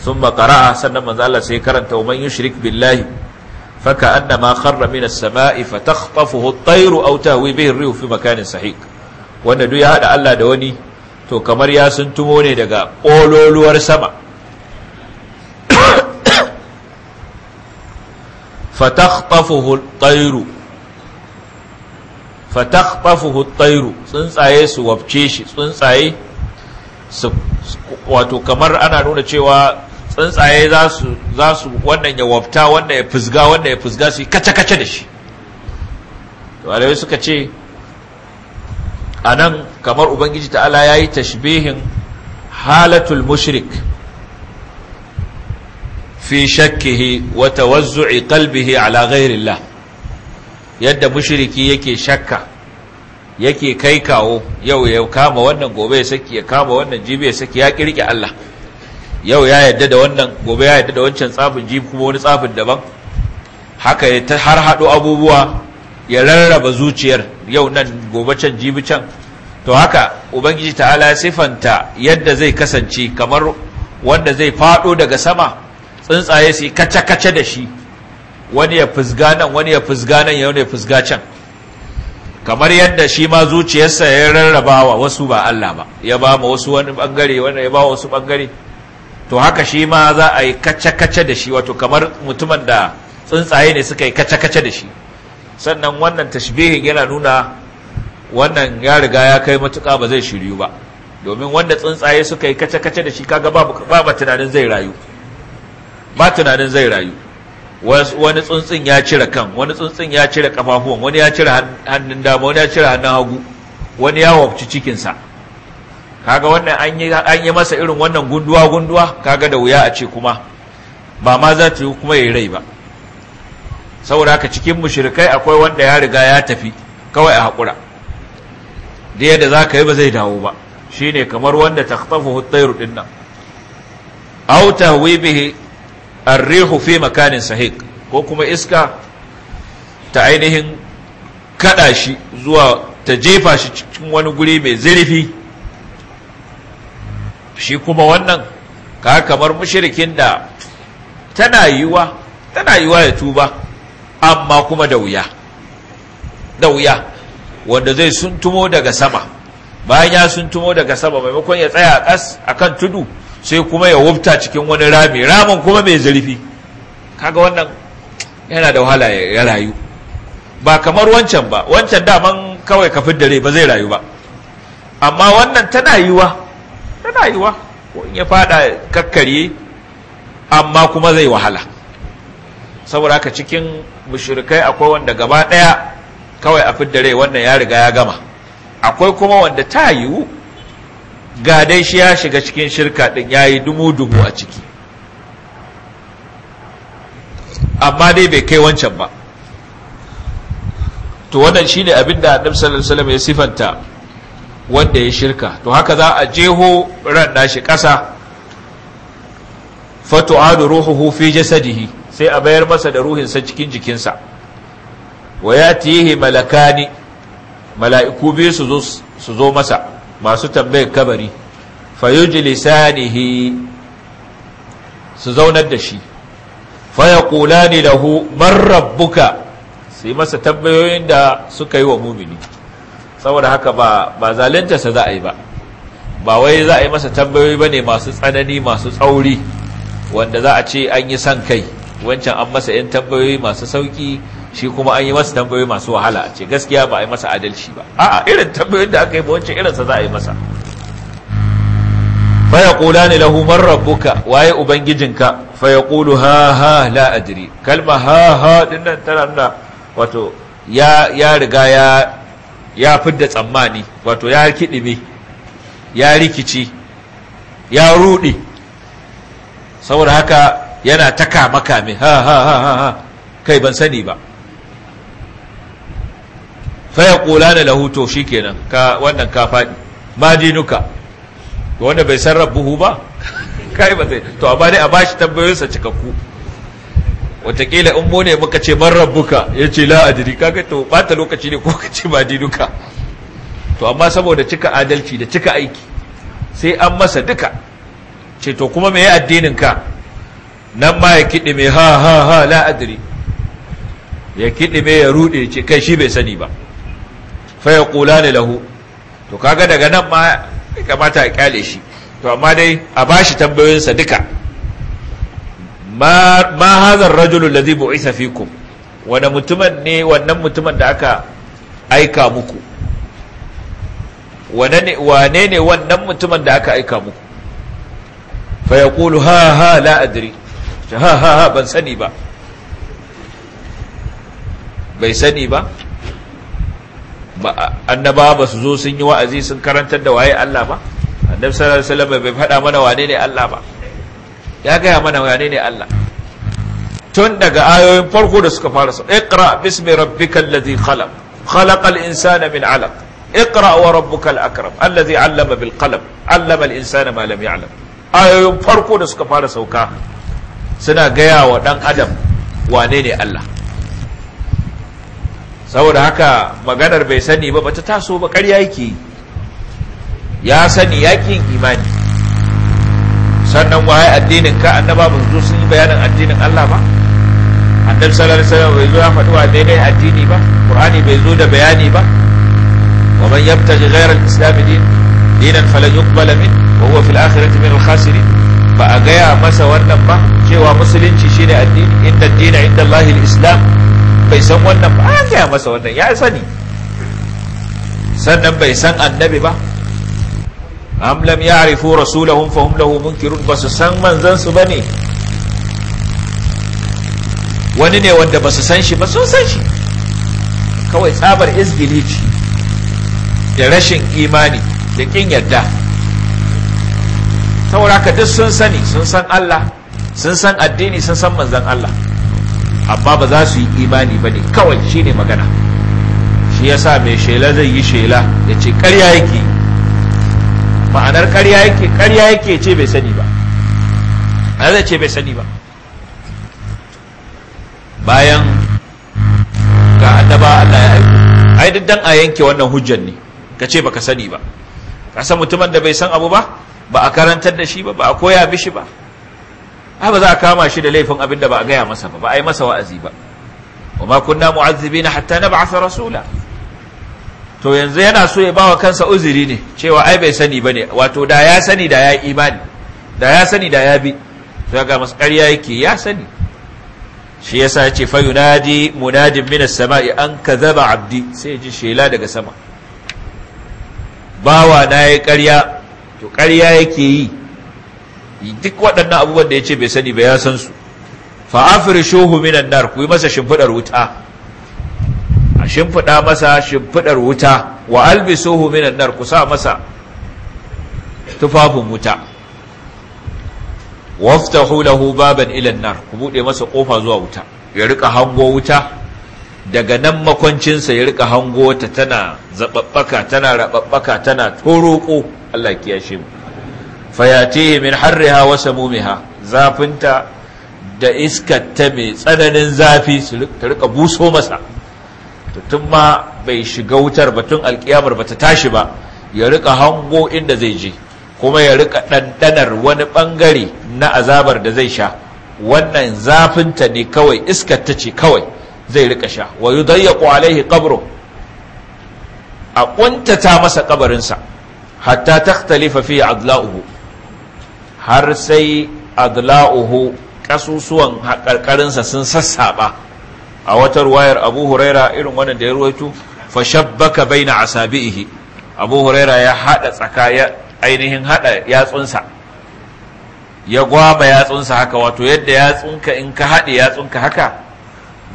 sun baqara sannan manzo Allah sai karanta man yushrik billahi faka annama kharra min as-sama'i fatakhtafuhu at-tayru aw tahwi bihi makanin sahi wanda duk ya haɗa Allah da wani to kamar ya sun tumo ne daga ƙololuwar sama fatakhtafuhu tsairu tsuntsaye su wabce shi tsuntsaye su wato kamar ana nuna cewa tsuntsaye za su wannan ya wabta wannan ya fusga wannan ya fusga su yi kace-kace da shi to suka ce a nan kamar ubangiji ta'ala ya yi tashbihin halatul mushrik fi shakkihi wata tawazzu'i qalbihi ala ghairillah yadda mushriki yake shakka yake kai kawo yau ya kama wannan gobe ya saki ya kama wannan jibi ya saki ya kirki Allah yau ya yadda da wannan gobe ya yadda da wancan tsafin jibi kuma wani tsafin daban haka ya har haɗo abubuwa ya rarraba zuciyar yau nan gobe can jibi can to haka ubangiji ta'ala sifanta yadda zai kasance kamar wanda zai fado daga sama tsuntsaye su kace-kace da shi wani ya fusga nan wani ya fusga nan ya wani ya fusga can kamar yadda shi ma zuciyarsa ya rarrabawa wasu ba Allah ba ya ba mu wasu wani bangare wanda ya ba wasu bangare to haka shi ma za a yi kace-kace da shi wato kamar mutumin da tsuntsaye ne suka yi kace-kace da shi sannan wannan tashbihin yana nuna wannan ya riga ya kai matuƙa ba zai shiryu ba domin wanda tsuntsaye suka yi kace-kace da shi kaga ba tunanin zai rayu ba tunanin zai rayu wani tsuntsun ya cire kan wani tsuntsun ya cire kafafuwan wani ya cire hannun dama wani ya cire hannun hagu wani ya wabci cikinsa kaga wannan an yi masa irin wannan gunduwa-gunduwa kaga da wuya a ce kuma ba ma za ta yi kuma ya yi rai ba saboda haka cikin mushrikai akwai wanda ya riga ya tafi kawai a haƙura da yadda za ka yi ba zai dawo ba shi ne kamar wanda ta tafi hutairu ɗin nan auta wibihi arrihu fi makanin sahik ko kuma iska ta ainihin kaɗa shi zuwa ta jefa shi cikin wani guri mai zurfi shi kuma wannan ka kamar mushirikin da tana yiwa tana yiwa ya tuba amma kuma da da wuya wanda zai tumo daga sama bayan ya tumo daga sama maimakon ya tsaya kas akan tudu sai kuma ya wufta cikin wani rami ramin kuma mai zurfi kaga wannan yana da wahala ya rayu ba kamar wancan ba wancan daman kawai ka dare ba zai rayu ba amma wannan tana yiwa tana yiwa ko in ya fada kakkarye amma kuma zai wahala saboda haka cikin mushrikai akwai wanda gaba daya kawai a fidda rai wannan ya riga ya gama akwai kuma wanda ta yiwu ga dai shi ya shiga cikin shirka din ya yi dumu-dumu a ciki amma dai bai kai wancan ba to wannan shi ne abin da annabi sallallahu alaihi ya sifanta wanda ya shirka to haka za a jeho ran nashi ƙasa fatu'adu ruhuhu fi jasadihi sai a bayar masa da ruhinsa cikin jikinsa wa tihi malakani mala'iku biyu su zo masa masu tambayar kabari fayujlisanihi su zaunar da shi Faya da lahu buka. rabbuka yi masa tambayoyin da suka yi wa mumini saboda haka ba ba sa za a yi ba ba wai za a yi masa tambayoyi ba ne masu tsanani masu tsauri wanda za a ce an yi san kai wancan an masa yan tambayoyi masu sauki shi kuma an yi masa tambayoyi masu wahala ce gaskiya ba a yi masa adalci ba a'a irin tambayoyin da aka yi wacce irinsa za a yi masa fa kula ne lahu man rabbuka waye ubangijinka fa kulu ha ha la kalma ha ha dinnan tana nuna wato ya riga ya ya fidda tsammani wato ya kidime ya rikici ya rudi saboda haka yana ta makami ha ha ha ha kai ban sani ba fa yaqulana lahu to shikenan ka wannan ka fadi ma dinuka wanda bai san rabbuhu ba <laughs> kai ba zai to amma dai a bashi tambayoyinsa cikakku watakila in mu muka ce man rabbuka ya ce la Ka kaga to bata lokaci ne ko ka ce ma dinuka to amma saboda cika adalci da cika aiki sai an masa duka ce to kuma me addinin ka nan ma ya kiɗi mai ha ha ha la ya kiɗi mai ya ruɗe ce kai shi bai sani ba Faya fa yaqulani lahu to kaga daga nan ma kamata a ƙyale shi to amma dai a ba shi tambayoyinsa duka ma ma hadha ar-rajul alladhi bu'itha fikum wani mutumin ne wannan mutumin da aka aika muku wane ne wannan mutumin da aka aika muku Faya ya kulu ha ha la ha ha ha ban sani ba bai sani ba annaba ba su zo sun yi wa'azi sun karantar da waye Allah ba annabi sallallahu alaihi wasallam bai faɗa mana wane ne Allah ba ya gaya mana wane ne Allah tun daga ayoyin farko da suka fara iqra bismi rabbikal ladhi khalaq khalaqal insana min 'alaq iqra wa rabbukal akram alladhi 'allama bil qalam 'allama al insana ma lam ya'lam ayoyin farko da suka fara sauka suna gaya wa dan adam wane ne Allah saboda haka maganar bai sani ba bata taso ba ƙarya yake ya sani yaƙin imani sannan waye addinin ka annaba ba zo sun yi bayanin addinin Allah ba annabi sallallahu alaihi wasallam bai zo ya faɗi wa ne addini ba qur'ani bai zo da bayani ba wa man yabtaji ghayra al-islam din dinan falan yuqbala min wa huwa fil akhirati min al-khasirin ba a gaya masa wannan ba cewa musulunci shine addini inda addini inda Allah islam bai san wannan ba an gaya masa wannan ya sani sannan bai san annabi ba am lam ya'rifu rasulahum fa hum lahu munkirun ba su san manzan su bane wani ne wanda ba su san shi ba sun san shi kawai tsabar izgilici da rashin imani da kin yadda saboda ka duk sun sani sun san Allah sun san addini sun san manzan Allah amma ba za su yi imani ba ne kawai shi ne magana shi ya sa mai shela zai yi shela ya ce karya yake ma'anar karya yake karya yake ce bai sani ba a zai ce bai sani ba bayan ga annaba Allah ya aiko ai duk dan a yanke wannan hujjar ne ka ce baka sani ba ka san mutumin da bai san abu ba ba a karantar da shi ba ba a koya mishi ba ai ba za a kama shi da laifin abin da ba a gaya masa ba ba a yi masa wa'azi ba wa ma kunna mu'azzibina hatta nab'atha rasula to yanzu yana so ya bawa kansa uzuri ne cewa ai bai sani bane wato da ya sani da ya imani da ya sani da ya bi to ga masa ƙarya yake ya sani shi yasa ya ce fa yunadi munadin minas sama'i an zaba abdi sai ya ji shela daga sama bawa na ya ƙarya to ƙarya yake yi duk waɗannan abubuwan da ya ce bai sani ba ya san su fa afrishuhu minan nar ku yi masa shimfidar wuta a shimfida masa shimfidar wuta wa albisuhu minan nar ku sa masa tufafin wuta Wafta lahu baban ila nar ku buɗe masa kofa zuwa wuta ya rika hango wuta daga nan makwancinsa ya rika hango ta tana zababbaka tana raɓaɓɓaka, tana toroko Allah ya kiyashe mu fayatihi min harriha wa samumiha zafinta da iskarta ta mai tsananin zafi ta rika buso masa tun ma bai shiga wutar batun alkiyamar bata tashi ba ya rika hango inda zai je kuma ya rika ɗanɗanar wani ɓangare na azabar da zai sha wannan zafinta ne kawai iskar ce kawai zai rika sha wa ya alaihi qabru a ƙuntata masa kabarinsa hatta takhtalifa fi adla'uhu har sai adla'uhu kasusuwan haƙarƙarinsa sun sassaɓa a wata ruwayar abu huraira irin wannan da ya ruwaito fa shabbaka baina asabihi abu huraira ya haɗa tsaka ya ainihin haɗa yatsunsa ya gwaba yatsunsa haka wato yadda yatsunka in ka haɗe yatsunka haka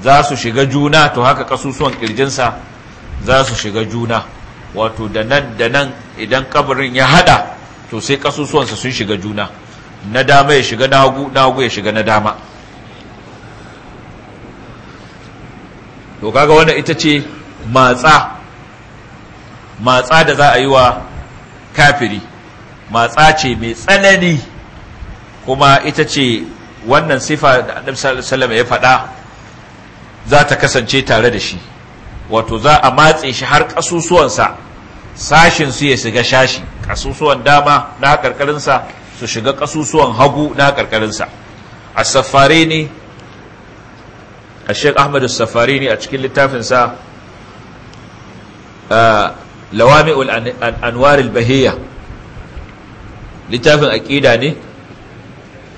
za su shiga juna to haka kasusuwan ƙirjinsa za su shiga juna wato da nan da nan idan kabarin ya haɗa to sai kasusuwansa sun shiga juna na dama ya shiga na hagu ya shiga na dama to kaga wannan ita ce matsa matsa da za a yi wa kafiri matsa ce mai tsanani kuma ita ce wannan sifa da annabi sallallahu alaihi ya faɗa za ta kasance tare da shi wato za a matse shi har ƙasusuwansa sashin su ya shiga shashi kasusuwan dama na karkarinsa su shiga kasusuwan hagu na karkarinsa a safari ne a sheik ahmadu safari ne a cikin littafinsa uh, lawami anwaril bahiyya littafin aƙida ne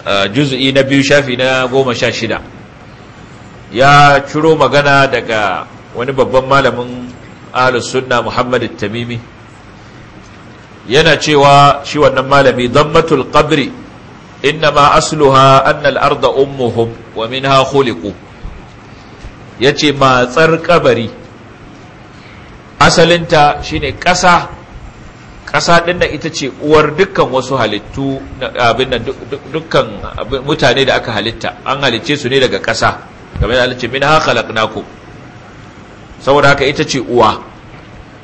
uh, juzu'i na biyu shafi na goma sha shida ya ciro magana daga wani babban malamin ahlus sunna muhammadu tamimi yana cewa shi wannan malami dammatul qabri innama asluha anna al-arda ummuhum wa minha khuliqu yace matsar kabari asalinta shine ƙasa ƙasa din ita ce uwar dukkan wasu halittu abin nan dukkan mutane da aka halitta an halicce su ne daga ƙasa kamar da halicce minha khalaqnakum saboda haka ita ce uwa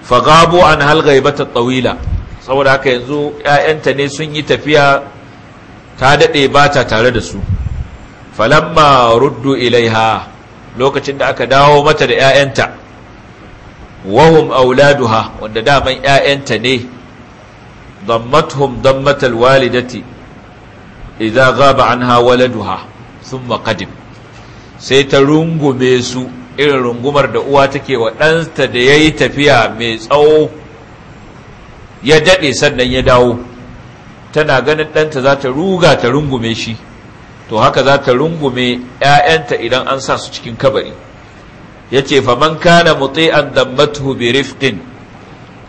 fagabu an halgaibata tawila saboda haka yanzu ‘ya'yanta ne sun yi tafiya ta daɗe ba ta tare da su falamma ruddu ilaiha lokacin da aka dawo mata da ‘ya'yanta wahum auladuha wanda daman ‘ya'yanta ne dammatuhum dammatal walidati idza ghaba anha waladuha thumma qadim sai ta rungume su irin rungumar da uwa take wa ɗanta da yayi tafiya mai tsawo ya daɗe sannan ya dawo tana ganin ɗanta za ta ruga ta rungume shi to haka za ta rungume 'ya'yanta idan an sa su cikin kabari ya ce faman kana an dammatu bi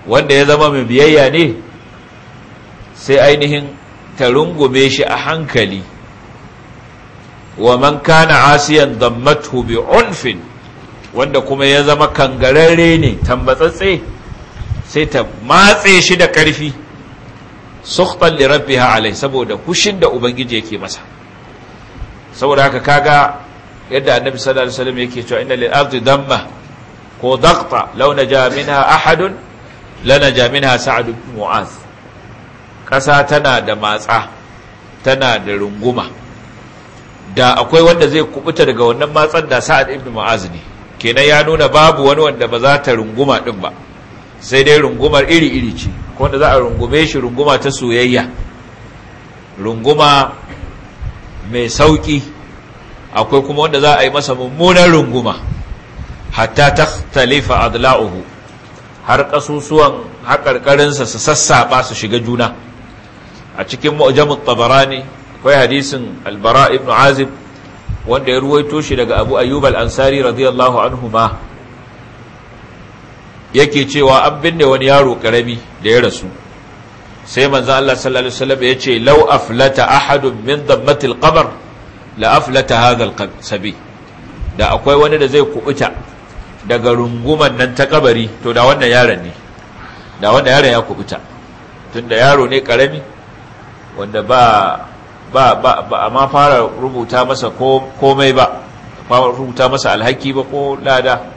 wanda ya zama mai biyayya ne sai ainihin ta rungume shi a hankali wa man kana asiyan dammatu bi unfin wanda kuma ya zama kangararre ne tambatsatse sai ta matse shi da ƙarfi sukhtan li rabbiha alai saboda kushin da ubangiji yake masa saboda haka kaga yadda annabi sallallahu alaihi wasallam yake cewa inna lil ardi damma ko daqta law naja minha ahadun lanaja minha sa'ad ibn mu'az kasa tana da matsa tana da runguma da akwai wanda zai kubuta daga wannan matsan da sa'ad ibn mu'az ne kenan ya nuna babu wani wanda ba za ta runguma din ba sai dai rungumar iri-iri ce wanda za a rungume shi runguma ta soyayya runguma mai sauƙi akwai kuma wanda za a yi masa mummunan runguma hatta ta talifa adla'uhu har ƙasusuwan haƙarƙarinsa su sassaɓa su shiga juna a cikin mu'jamut tabarani akwai hadisin albara ibn azib wanda ya ruwaito shi daga abu ayyub al-ansari radiyallahu anhu ma yake cewa an binne wani yaro karami da ya rasu sai manzo Allah sallallahu alaihi wasallam ya ce law aflata ahadun min dammati alqabr la aflata hadha da akwai wani da zai kubuta daga runguman nan ta kabari to da wannan yaron ne da wannan yaron ya kubuta tunda yaro ne karami wanda ba ba ba amma fara rubuta masa komai ba rubuta masa alhaki ba ko lada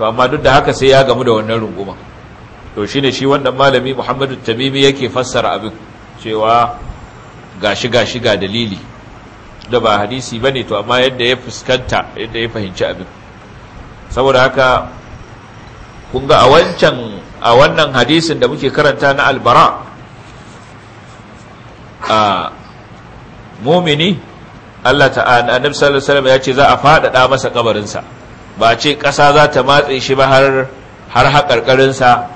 to amma duk da haka sai ya gamu da wannan runguma to shine shi wannan malami Muhammadu tabibi yake fassara abin cewa gashi gashi ga dalili da ba hadisi bane to amma yadda ya fuskanta yadda ya fahimci abin saboda haka kun ga a wancan a wannan hadisin da muke karanta na albara a mumini Allah ta'ala annabi sallallahu alaihi wasallam ya ce za a faɗaɗa masa kabarinsa ba ce ƙasa za ta matse shi ba har har haƙarƙarinsa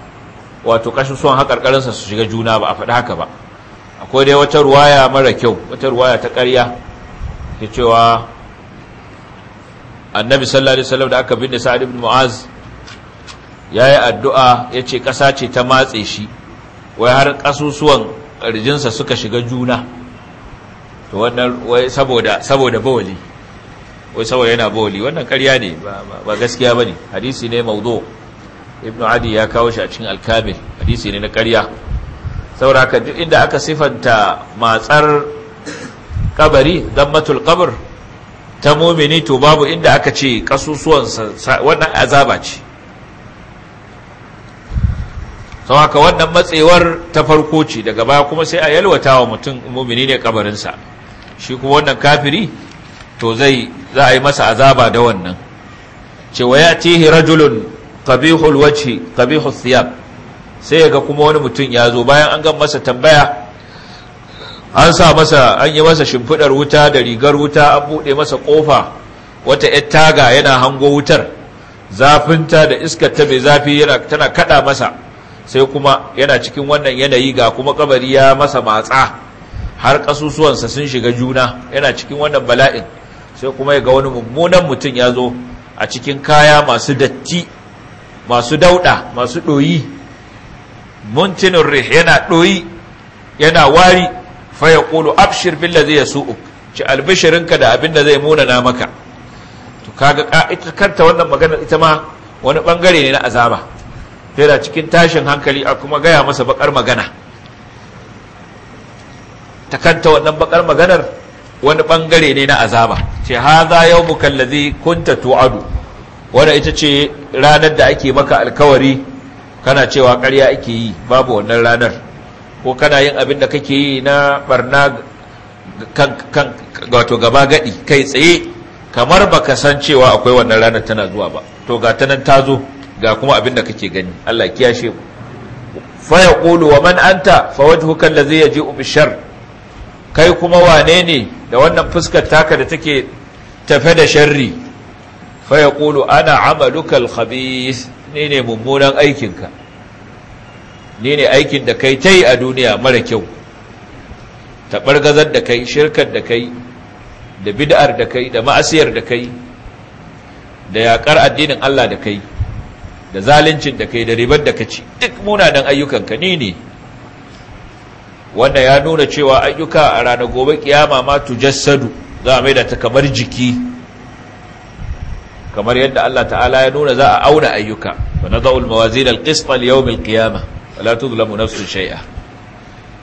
wato ƙasusuwan haƙarƙarinsa su shiga juna ba a faɗi haka ba akwai dai wata ruwaya mara kyau wata ruwaya ta ƙarya ke cewa annabi sallallahu alaihi wasallam da aka binne sa'ad ibn mu'az yayi addu'a ya ce ƙasa ce ta matse shi wai har ƙasusuwan ƙarjinsa suka shiga juna to wannan wai saboda saboda bawali wai saboda yana bawali wannan ƙarya ne ba gaskiya ba ne hadisi ne Maudo ibn adi ya kawo shi a cikin alkamil hadisi ne na ƙarya sauraka duk inda aka sifanta matsar kabari dammatul qabr ta mumini to babu inda aka ce kasusuwan wannan azaba ce sauraka wannan matsewar ta farko ce daga baya kuma sai a yalwata wa mutum mumini ne kabarinsa shi kuma wannan kafiri to zai za a yi masa azaba da wannan cewa ya tihi rajulun kabihul wajhi kabihul thiyab sai ga kuma wani mutum ya zo bayan an gan masa tambaya an sa masa an yi masa shimfiɗar wuta da rigar wuta an buɗe masa ƙofa. wata yar taga yana hango wutar zafinta da iskar ta mai zafi tana kaɗa masa sai kuma yana cikin wannan yanayi ga kuma kabari ya masa matsa har kasusuwansa sun shiga juna yana cikin wannan bala'in sai kuma ya ga wani mummunan mutum ya zo a cikin kaya masu datti masu dauda masu doyi muntinin rih yana doyi yana wari fa ya qulu abshir zai yasu'uk ci albishirinka da abin da zai munana maka to kaga ita kanta wannan maganar ita ma wani bangare ne na azaba yana cikin tashin hankali a kuma gaya masa bakar magana ta kanta wannan bakar maganar wani bangare ne na azaba ce haza yawmuka allazi kunta tu'adu wanda ita ce ranar da ake maka alkawari kana cewa ƙarya ake yi babu wannan ranar ko kana yin abin da kake yi na barna kan wato gaba gadi kai tsaye kamar baka san cewa akwai wannan ranar tana zuwa ba to ga ta nan ta zo ga kuma abin da kake gani Allah kiyashe mu fa yaqulu wa man anta fa allazi yaji'u bishar kai kuma wane ne da wannan fuskar taka da take tafe da sharri fa Kulu ana amaluka al-khabith ni ne mummunan aikinka ni ne aikin da kai tai a duniya mara kyau taɓargazar da kai shirkar da kai da bid'ar da kai da ma'asiyar da kai da yaƙar addinin Allah da kai da zalincin da kai da ribar da kaci duk munanan ayyukanka ni ne wanda ya nuna cewa ayyuka a ranar gobe kiyama ma tujassadu za a maida ta kamar jiki kamar yadda Allah ta'ala ya nuna za a auna ayyuka wa nadau al-mawazin al-qist li yawm al-qiyama la tudlamu nafsun shay'a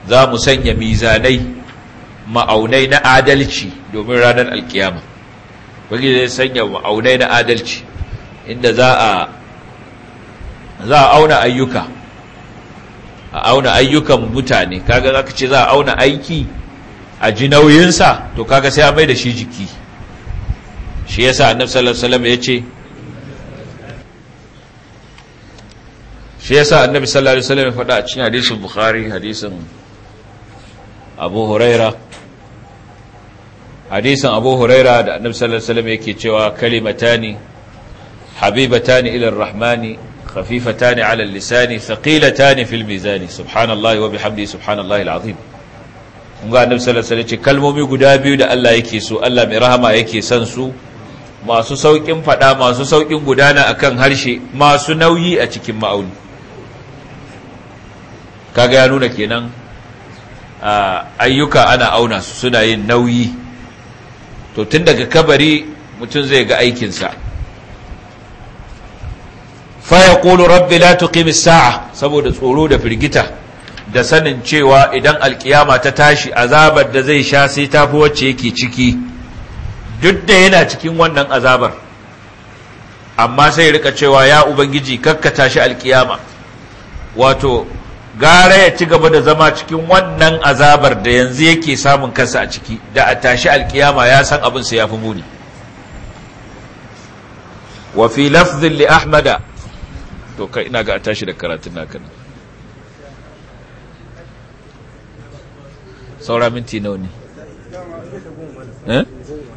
za mu sanya mizanai ma'aunai na adalci domin ranar alkiyama wani zai sanya ma'aunai na adalci inda za a za a auna ayyuka a auna ayyukan mutane kaga zaka ce za a auna aiki a ji nauyinsa to kaga sai a mai da shi jiki shi yasa annabi sallallahu alaihi wasallam yace shi yasa annabi sallallahu alaihi wasallam ya faɗa a cikin hadisin bukhari hadisin abu huraira hadisin abu huraira da annabi sallallahu alaihi wasallam yake cewa kalimatani habibatani ila rahmani خفيفتان على اللسان ثقيلتان في الميزان سبحان الله وبحمده سبحان الله العظيم mun ga annabi sallallahu alaihi wasallam kalmomi guda biyu da Allah yake so Allah mai rahama yake son su masu saukin fada masu saukin gudana akan harshe masu nauyi a cikin ma'auni kaga ya nuna kenan ayyuka ana auna su suna yin nauyi to tun daga kabari mutum zai ga aikinsa fa kolo rabbi la tuqimis sa'a saboda tsoro da firgita da sanin cewa idan alkiyama ta tashi azabar da zai sha sai ta fi wacce yake ciki duk da yana cikin wannan azabar amma sai rika cewa ya ubangiji kakka tashi alkiyama wato gara ya ci gaba da zama cikin wannan azabar da yanzu yake samun kansa a ciki da a tashi alkiyama ya san abin sa ya fi muni wa fi lafzin li ahmada to kai ina ga a tashi da karatun naka ne saura minti nawa ne eh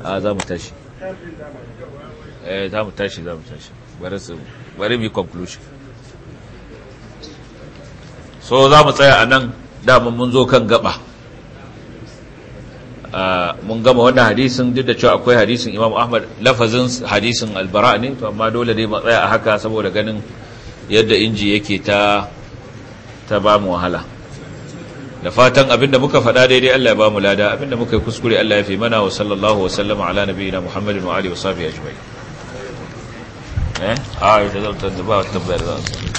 a za mu tashi eh za mu tashi za mu tashi bari su bari mu conclusion so za mu tsaya a nan dama mun zo kan gaba mun gama wannan hadisin duk da cewa akwai hadisin imam ahmad lafazin hadisin albara ne to amma dole dai mu tsaya a haka saboda ganin yadda inji yake ta ta ba mu wahala da fatan abinda muka faɗa daidai Allah ya ba mu lada abinda muka yi kuskure Allah ya fi mana wa sallallahu wa sallama ala nabiyina Muhammadin wa alihi wa sahbihi ajma'in eh ah, zan